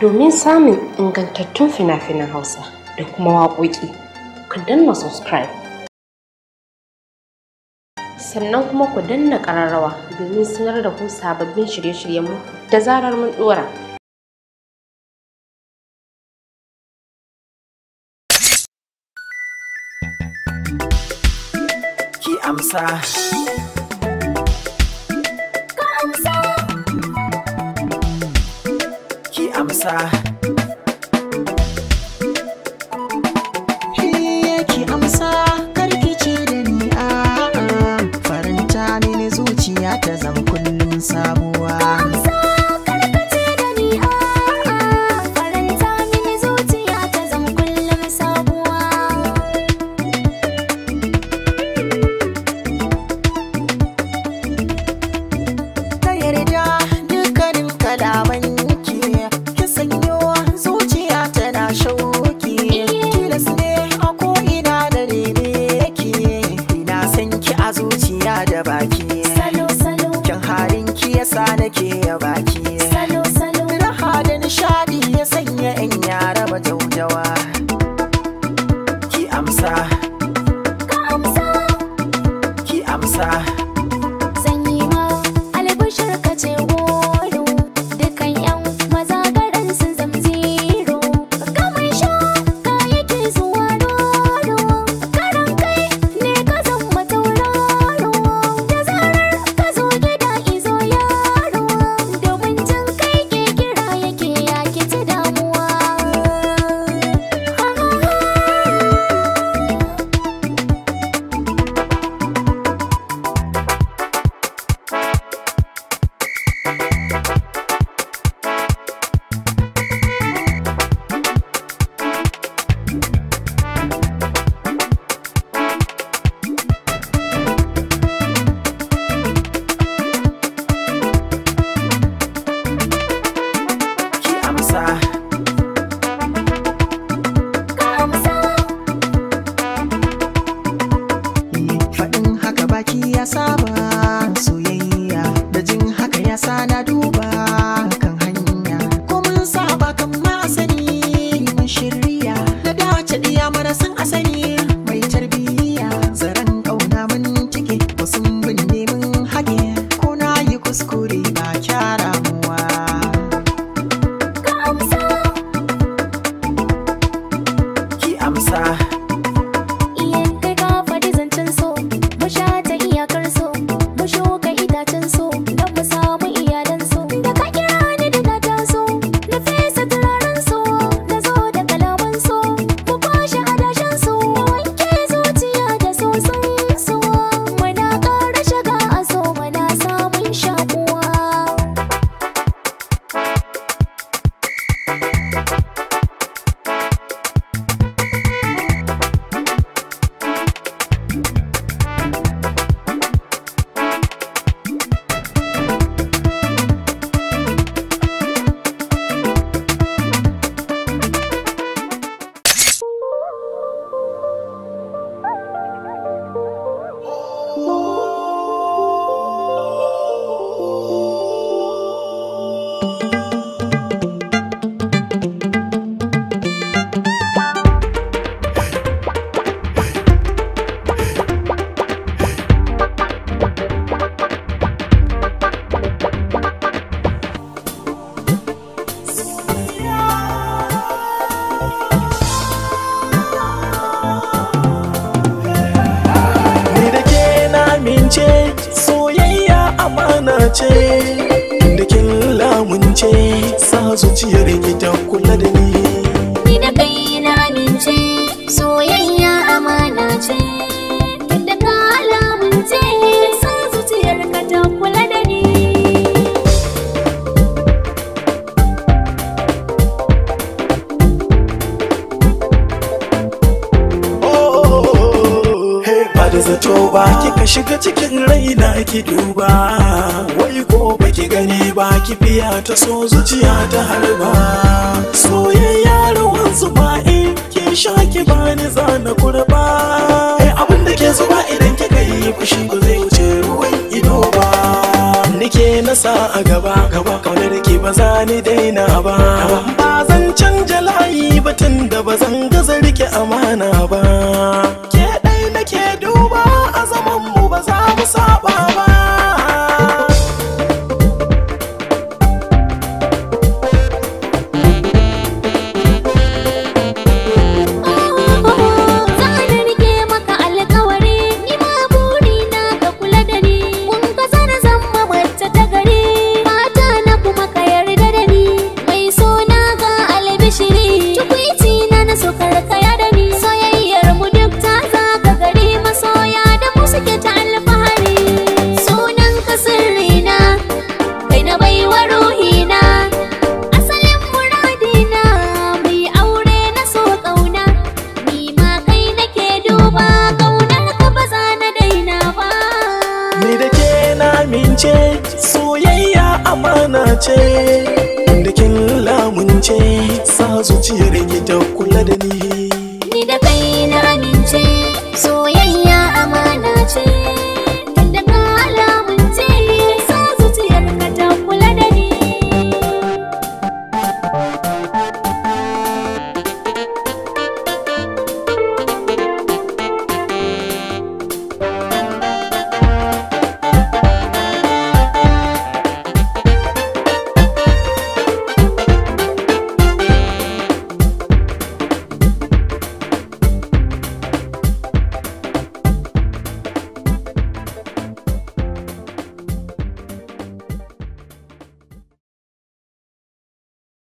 domin samun ingantattun fina-finan Hausa da kuma waƙoƙi. Ku danna subscribe. Sannan kuma ku danna ƙararrawa domin sanar da ku sababbin shirye-shiryenmu da zarar mun ɗora. Ki amsa. sa ki amsa ce da ni a faranta mini zuciya ta zama ce soyayya amana ce da kin lamunce sa zuciyar ki shiga cikin raina ki duba wai ko baki gani ba ki biya ta so zuciya ta harba soyayya rawan zuba in ki sha ki bani zana kurba eh abin da ke zuba idan kika yi fushi ba zai wuce ruwan ido ba nike na sa a gaba gaba kaunar ki ba za ni daina ba ba zan canja layi batun da ba zan gaza rike amana ba lamunce soyayya amana ce da kin lamunce sa zuciyar gida kula da ni